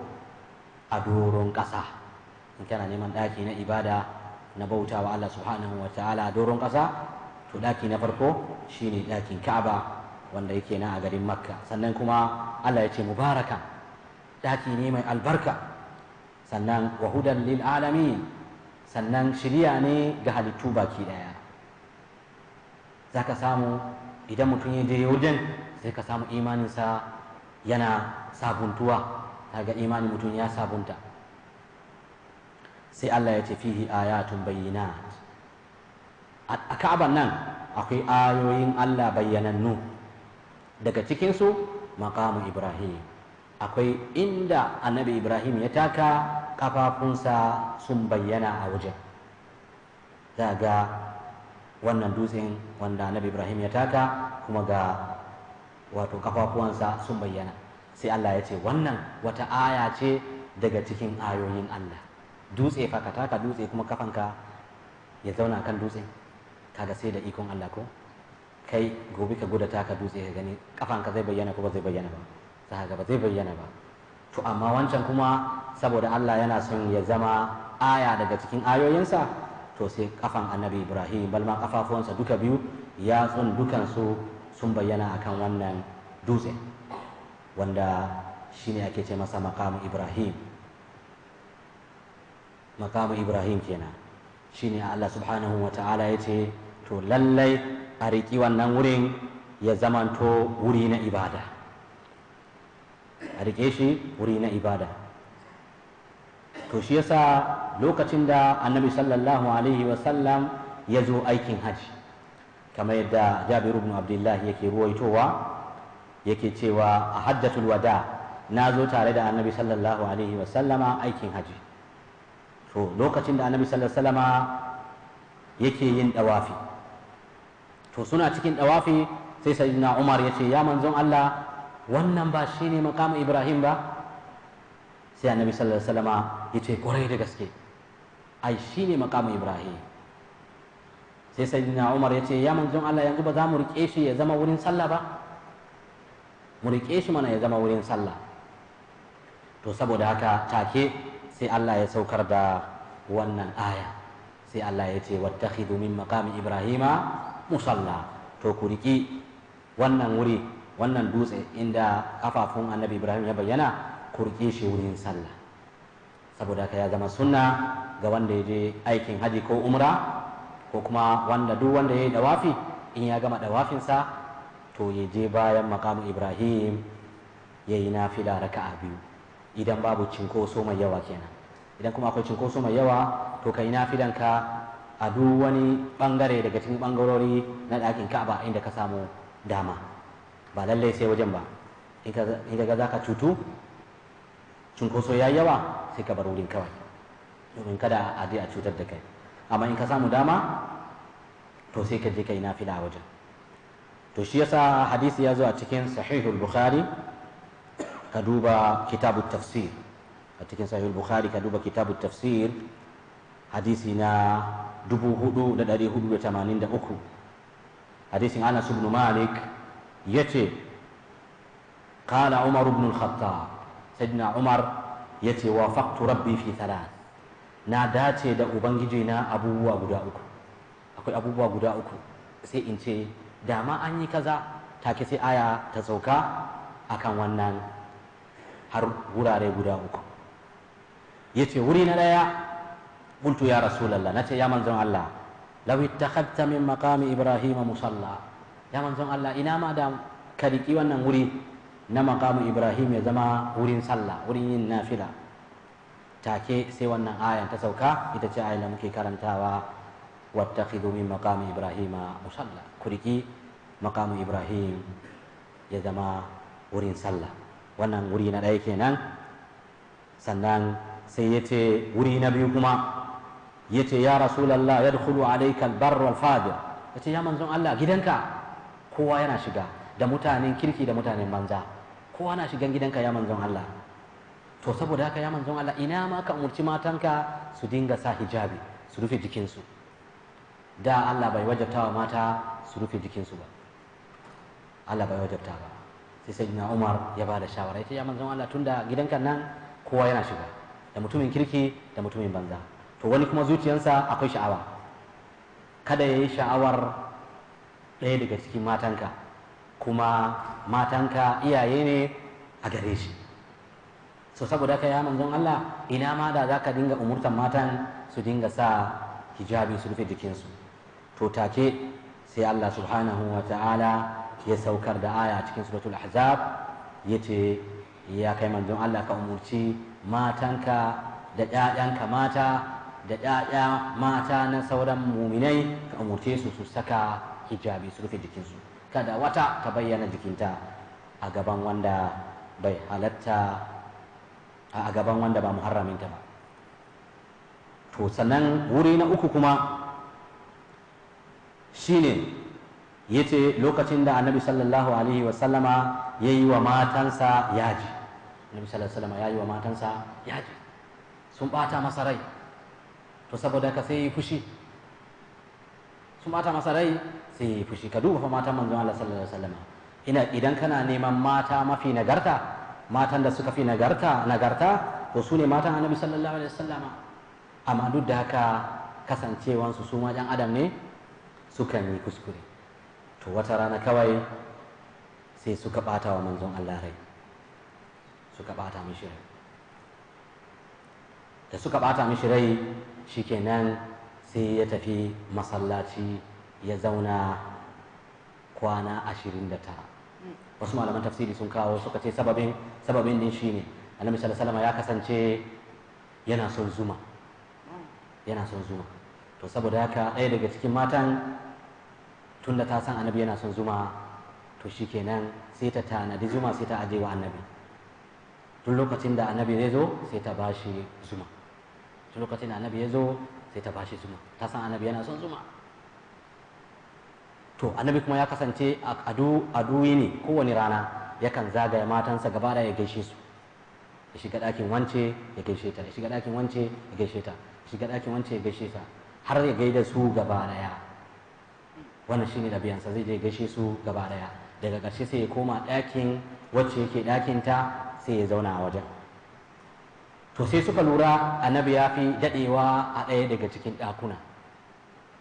a doron ƙasa in kana neman ɗaki na ibada na bautawa Allah subhanahu wa ta'ala a doron ƙasa to ɗaki na farko shine ɗakin Ka'aba wanda yake nan a garin Makka sannan kuma Allah ya ce mubaraka ɗaki ne mai albarka sannan wahudan lil alamin sannan shirya ne ga halittu baki daya za ka samu idan mutum ya je wajen sai ka samu imaninsa yana sabuntuwa kaga imanin mutum ya sabunta sai Allah ya ce fihi ayatun bayyinat a Ka'aban nan akwai ayoyin Allah bayyanannu daga cikinsu maqamu Ibrahim akwai inda annabi ibrahim ya taka kafafunsa sun bayyana a wajen za ga wannan dutsen wanda annabi ibrahim ya taka kuma ga wato kafafuwansa sun bayyana sai allah ya ce wannan wata aya ce daga cikin ayoyin allah dutse fa ka taka dutse kuma kafanka ya zauna kan dutse kaga sai da ikon allah ko kai gobe ka guda taka dutse ka gani kafanka zai bayyana ko ba zai bayyana ba za ga ba zai bayyana ba to amma wancan kuma saboda Allah yana son ya zama aya daga cikin ayoyinsa to sai kafan annabi ibrahim balma kafafuwansa duka biyu ya tsun dukansu sun bayyana akan wannan dutse wanda shine ake ce masa makamu ibrahim makamu ibrahim kenan shine Allah subhanahu wa ta'ala ya ce to lallai a riki wannan wurin ya zamanto wuri na ibada a riƙe shi wuri na ibada to shi yasa lokacin da annabi sallallahu alaihi wasallam ya zo aikin hajji kamar yadda jabir ibn abdullahi yake ruwaitowa yake cewa a hajjatul wada na zo tare da annabi sallallahu alaihi wasallama aikin hajji to lokacin da annabi sallallahu alaihi wasallama yake yin dawafi to suna cikin dawafi sai sayyidina umar ya ce ya manzon allah wannan ba shi ne makamin ibrahim ba sai annabi sallallahu alaihi wasallama ya ce kwarai da gaske ai shi ne makamin ibrahim sai sayyidina umar ya ce ya manzon allah yanzu ba za mu rike shi ya zama wurin sallah ba mu rike shi mana ya zama wurin sallah to saboda haka take sai allah ya saukar da wannan aya sai allah ya ce wattakhidhu min maqami ibrahima musalla to ku riki wannan wuri wannan dutse inda kafafun annabi ibrahim ya bayyana kurke shi wurin sallah saboda ka ya zama sunna ga wanda ya je aikin haji ko umra ko kuma wanda duk wanda ya yi dawafi in ya gama dawafinsa to ya je bayan makamu ibrahim ya yi nafila raka'a biyu idan babu cinkoso mai yawa kenan idan kuma akwai cinkoso mai yawa to ka yi nafilanka a duk wani bangare daga cikin bangarori na ɗakin ka'aba inda ka samu dama ba lallai sai wajen ba in ga za ka cutu cunkoso ya yawa sai ka bar wurin kawai domin kada a je a cutar da kai amma in ka samu dama to sai ka je kai nafila a wajen to shi yasa hadisi ya zo a cikin sahihul bukhari ka duba kitabut tafsir a cikin sahihul bukhari ka duba kitabut tafsir hadisi na 4483 hadisin anas ibn malik ya ce ƙala umar ibn al sayyidina umar ya ce wa faktu rabbi fi thalath na dace da ubangiji na abubuwa guda uku akwai abubuwa guda uku sai in ce dama an yi kaza take sai aya ta sauka akan wannan har wurare guda uku ya ce wuri na daya Bultu ya rasulallah nace ya manzan Allah ta ittakhadta min maqami ibrahima musallah ya manzon Allah ina ma da ka wannan wuri na makamu Ibrahim ya zama wurin sallah wurin yin nafila take sai wannan ayan ta sauka ita ce ayan da muke karantawa wattakhidhu min maqami ibrahima musalla kuriki riƙi Ibrahim ya zama wurin sallah wannan wuri na ɗaya kenan sannan sai ya ce wuri na biyu kuma ya ce ya rasulallah yadkhulu alayka alaika albar wal ya ce ya manzon Allah gidanka kowa yana shiga da mutanen kirki da mutanen banza kowa na shigan gidanka ya manzon Allah to saboda haka ya manzon Allah ina ma ka umurci matanka su dinga sa hijabi su rufe jikinsu da Allah bai wajabta wa mata su rufe jikinsu ba Allah bai wajabta ba sai sai na Umar ya ba da shawara ita ya manzon Allah tunda gidanka nan kowa yana shiga da mutumin kirki da mutumin banza to wani kuma zuciyarsa akwai sha'awa kada ya yi sha'awar ɗaya daga cikin matanka kuma matanka iyaye ne a gare shi so saboda ka ya manzon Allah ina ma da za ka dinga umurtan matan su dinga sa hijabi su rufe jikinsu to take sai Allah subhanahu wa ta'ala ya saukar da aya cikin suratul ahzab ce ya kai manzon Allah ka umurci matanka da ƴaƴanka mata da ƴaƴa mata na sauran muminai ka umurce su su saka hijabi su rufe jikinsu kada wata ta bayyana jikinta a gaban wanda bai halatta a gaban wanda ba muharraminta ba to sannan wuri na uku kuma shine yace lokacin da annabi sallallahu alaihi wasallama ya yi wa matansa yaji annabi sallallahu alaihi wasallama ya yi wa matansa yaji sun bata masa rai to saboda ka sai fushi sun bata masa rai sai fushi ka duba fa matan manzon Allah sallallahu alaihi wasallam ina idan kana neman mata mafi nagarta matan da suka fi nagarta nagarta to su ne matan annabi sallallahu alaihi wasallama amma duk da haka kasancewansu su ma ɗan adam ne sukan yi kuskure to wata rana kawai sai suka ɓata wa manzon Allah rai suka ɓata mishi rai da suka ɓata mishi rai shikenan sai ya tafi masallaci ya zauna kwana ashirin da tara wasu malaman tafsiri sun kawo suka ce sababin sababin din ne. annabi sallallahu ya kasance yana son zuma yana son zuma to saboda haka ɗaya daga cikin matan tunda ta san annabi yana son zuma to shikenan sai ta tanadi zuma sai ta aje wa annabi tun lokacin da annabi ya zo sai ta bashi zuma tun lokacin da annabi ya zo sai ta bashi zuma ta san annabi yana son zuma to annabi kuma ya kasance a adu aduyi ne kowane rana yakan zagaya matansa gaba da ya gaishe su ya shiga ɗakin wance ya gaishe ta ya shiga ɗakin wance ya gaishe ta ya shiga ɗakin wance ya gaishe ta har ya gaida su gaba daya wannan shine ɗabi'ansa zai je gaishe su gaba daya daga ƙarshe sai ya koma ɗakin wacce yake ɗakin ta sai ya zauna a wajen to sai suka lura annabi ya fi daɗewa a ɗaya daga cikin ɗakuna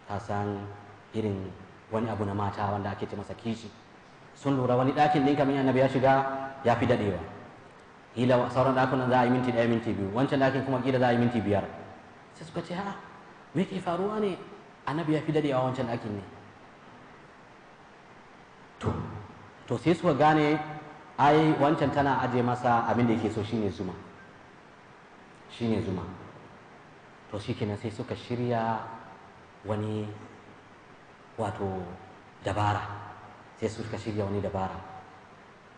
ka san irin wani abu na mata wanda ake ce masa kishi sun lura wani ɗakin ɗin kamar annabi ya shiga ya fi daɗewa kila sauran ɗakunan za a yi minti ɗaya minti biyu wancan ɗakin kuma kila za a yi minti biyar sai suka ce ha me ke faruwa ne annabi ya fi daɗewa wancan ɗakin ne to to sai suka gane ai wancan tana aje masa abin da yake so shine zuma shine zuma to shikenan sai suka shirya wani wato dabara sai suka shirya wani dabara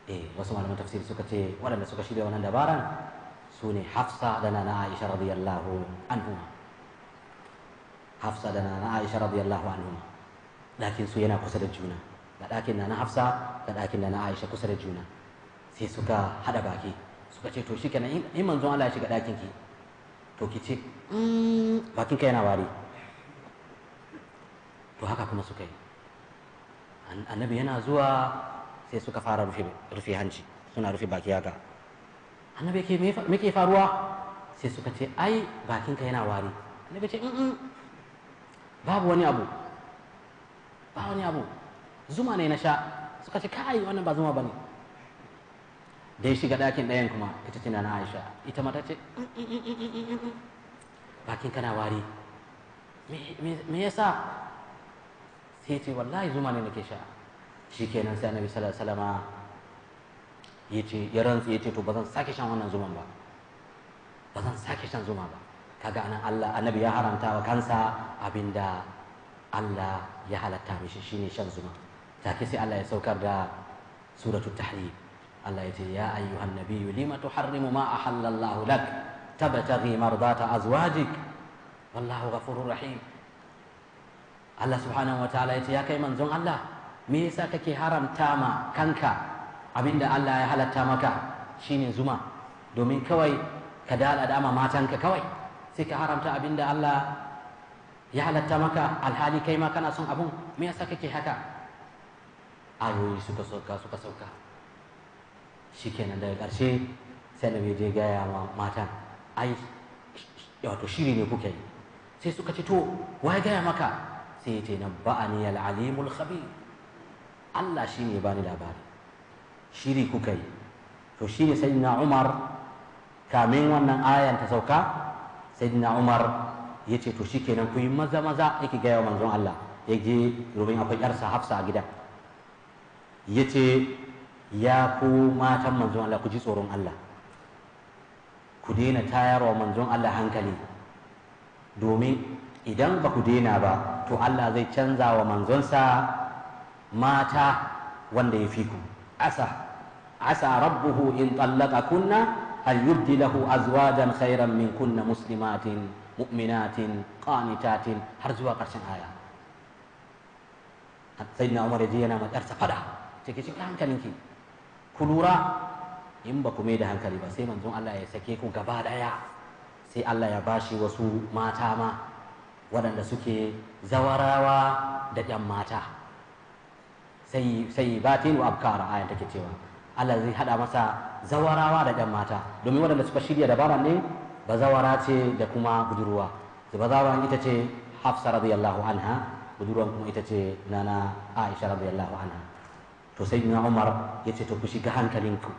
eh wasu malaman tafsiri suka ce waɗanda suka shirya wannan dabaran su ne hafsa da nana aisha radiyallahu anhuma hafsa da nana aisha radiyallahu anhuma ɗakin su yana kusa da juna da ɗakin nana hafsa da ɗakin nana aisha kusa da juna sai suka haɗa baki suka ce to shikenan in manzon Allah ya shiga ɗakin ki to ki ce mm. bakin ka yana wari to haka kuma suka yi annabi yana zuwa sai suka fara rufe hanci suna rufe baki haka annabi yake me ke faruwa sai suka ce ai bakinka yana wari annabi ce in babu wani abu ba wani abu zuma ne na sha suka ce kai wannan ba zuma ba ne da ya shiga ɗakin ɗayan kuma ita ce na aisha ita mata ce bakin kana wari me yasa sai ce wallahi zuma ne nake sha shikenan sai annabi sallallahu alaihi wasallama yace ya rantsi yace to bazan sake shan wannan zuman ba bazan sake shan zuma ba kaga anan Allah annabi ya haramta wa kansa abinda Allah ya halatta mishi shine shan zuma take sai Allah ya saukar da suratu tahrim Allah ya ce ya ayyuhan nabiyyu lima tuharrimu ma ahallallahu lak tabtaghi mardata azwajik wallahu ghafurur rahim Allah subhanahu ta'ala ya ce ya kai manzon Allah me yasa kake haramta ma kanka abinda Allah ya halatta maka shine zuma domin kawai ka da al'adama matanka kawai sai ka haramta abinda Allah ya halatta maka alhali kai ma kana son abun me yasa kake haka ayoyi suka sauka suka sauka shikenan daga ƙarshe sai na je gaya ma matan ai wato shiri ne kuka yi sai suka ce to wai gaya maka sai ya ce nan ba'ani al-alimul Allah shi ne bani labari shiri kuka yi to shi ne sayyidina Umar kamin wannan ayan ta sauka sayyidina Umar ya ce to shikenan ku yi maza maza yake gaya wa manzon Allah ya je domin akwai yarsa Hafsa a gidan ya ce ya ku matan manzon Allah ku ji tsoron Allah ku daina wa manzon Allah hankali domin idan ba ku dena ba to Allah zai canza wa manzonsa mata wanda ya fi ku asa asa rabbuhu in tallaka kunna an yubdilahu azwajan khairan min kunna muslimatin mu'minatin qanitatin har zuwa karshen aya sayyidina umar yaji yana sa fada take hankalin ki ku lura in ba ku mai da hankali ba sai manzon Allah ya sake ku gaba daya sai Allah ya bashi wasu mata ma waɗanda suke zawarawa da ɗan mata sai batin wa abkara ayan take cewa Allah zai haɗa masa zawarawa da ɗan mata domin waɗanda suka shirya dabaran ne ba zawara ce da kuma budurwa ba zawaran ita ce Hafsa radiyallahu anha budurwan kuma ita ce nana Aisha radiyallahu anha to sai Umar ya ce to ku shiga hankalinku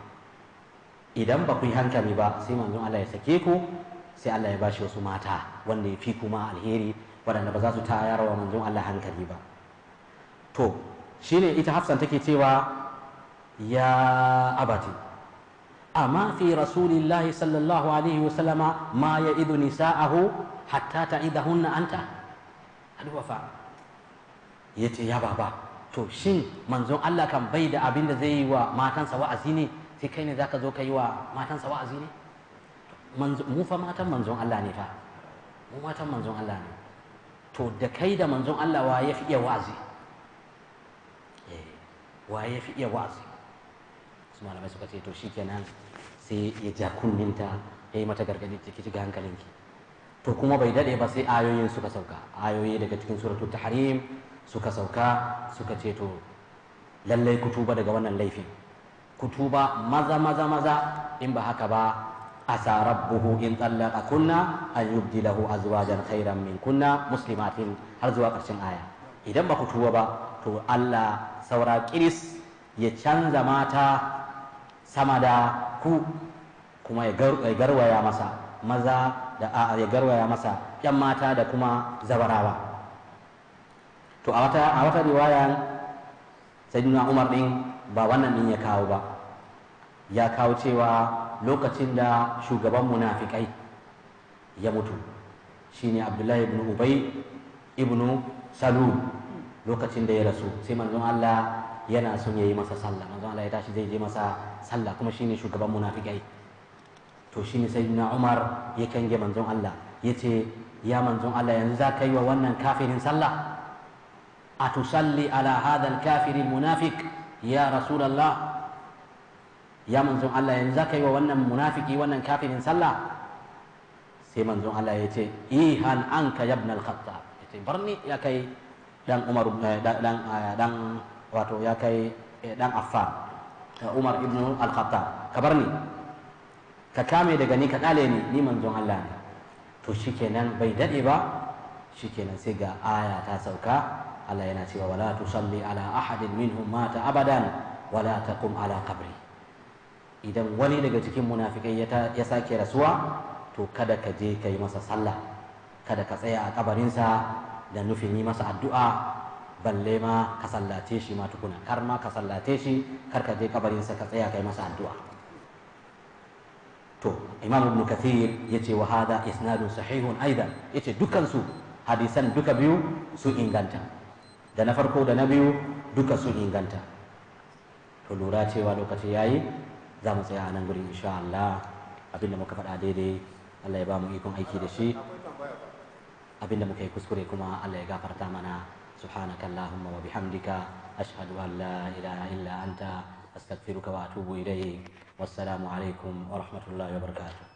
idan ba ku yi hankali ba sai manzon Allah ya sake ku sai Allah ya bashi wasu mata wanda ya fi kuma alheri wadanda ba za su ta yarawa manzon Allah hankali ba to shine ita Hafsan take cewa ya abati amma fi rasulillahi sallallahu alaihi wa sallama ma ya idu nisa'ahu hatta ta ta'idahunna anta aduwa fa yace ya baba to shin manzon Allah kan bai da abin da zai yi wa matansa wa'azi ne sai kai ne zaka zo ka yi wa matansa wa'azi ne mu fa matan manzon Allah ne fa mu matan manzon Allah ne to da kai da manzon Allah wa ya fi iya wa'azi eh, wa ya fi iya wazi su malamai suka ce to shikenan sai ya ja kunninta ya yi mata gargadi ta kici ga hankalinki to kuma bai dade ba sai ayoyin suka sauka ayoyi daga cikin suratul tahrim suka sauka suka ce to lallai ku tuba daga wannan laifin ku tuba maza maza maza in ba haka ba buhu in kunna yi ربه lahu a zuwa jan أزواجا خيرا kunna مسلمات har zuwa ƙarshen aya idan ba ku tuwa ba to Allah saura kiris ya canza mata sama da ku kuma ya garwaya masa maza da ya garwaya masa yan mata da kuma zabarawa to a wata riwaya wata riwaya Umar ɗin ba wannan din ya kawo ba ya kawo cewa lokacin da shugaban munafikai ya mutu shine abdullahi ibn ubay ibn salul lokacin da ya rasu sai manzon Allah yana son ya yi masa sallah manzon Allah ya tashi zai je masa sallah kuma shine shugaban munafikai to shine sayyidina Umar ya kange manzon Allah yace ya manzon Allah yanzu za ka yi wa wannan kafirin sallah A tusalli ala hadha al munafik al ya rasulullah ya manzon Allah yanzu zaka yi wa wannan munafiki wannan kafirin sallah sai manzon Allah ya ce ihan eh, anka ya al-khattab ya ce barni ya kai dan Umar eh, dan eh, dan wato ya kai dan Affan Umar ibn al-khattab ka barni ka kame daga ni ka kale ni ni manzon Allah ne to shikenan bai dade ba shikenan sai ga aya ta sauka Allah yana cewa wala tusalli ala ahadin minhum mata abadan wala taqum ala qabri idan wani daga cikin munafikai ya sake rasuwa to kada ka je ka yi masa sallah kada ka tsaya a kabarinsa da nufin yi masa addu'a balle ma ka sallace shi ma tukuna kar ma ka sallace shi kar ka je kabarinsa ka tsaya ka yi masa addu'a to imam ibn kathir ce wa hada isnadun sahihun aidan Ya ce dukansu hadisan duka biyu su inganta da na farko da na biyu duka su inganta to lura cewa lokaci yayi za mu tsaya a nan guri insha Allah abinda muka faɗa daidai Allah ya ba mu ikon aiki da shi abinda muka yi kuskure kuma Allah ya gafarta mana subhanaka allahumma wa bihamdika ashhadu an la ilaha illa anta astaghfiruka wa atubu ilayk wassalamu alaikum wa rahmatullahi wa barakatuh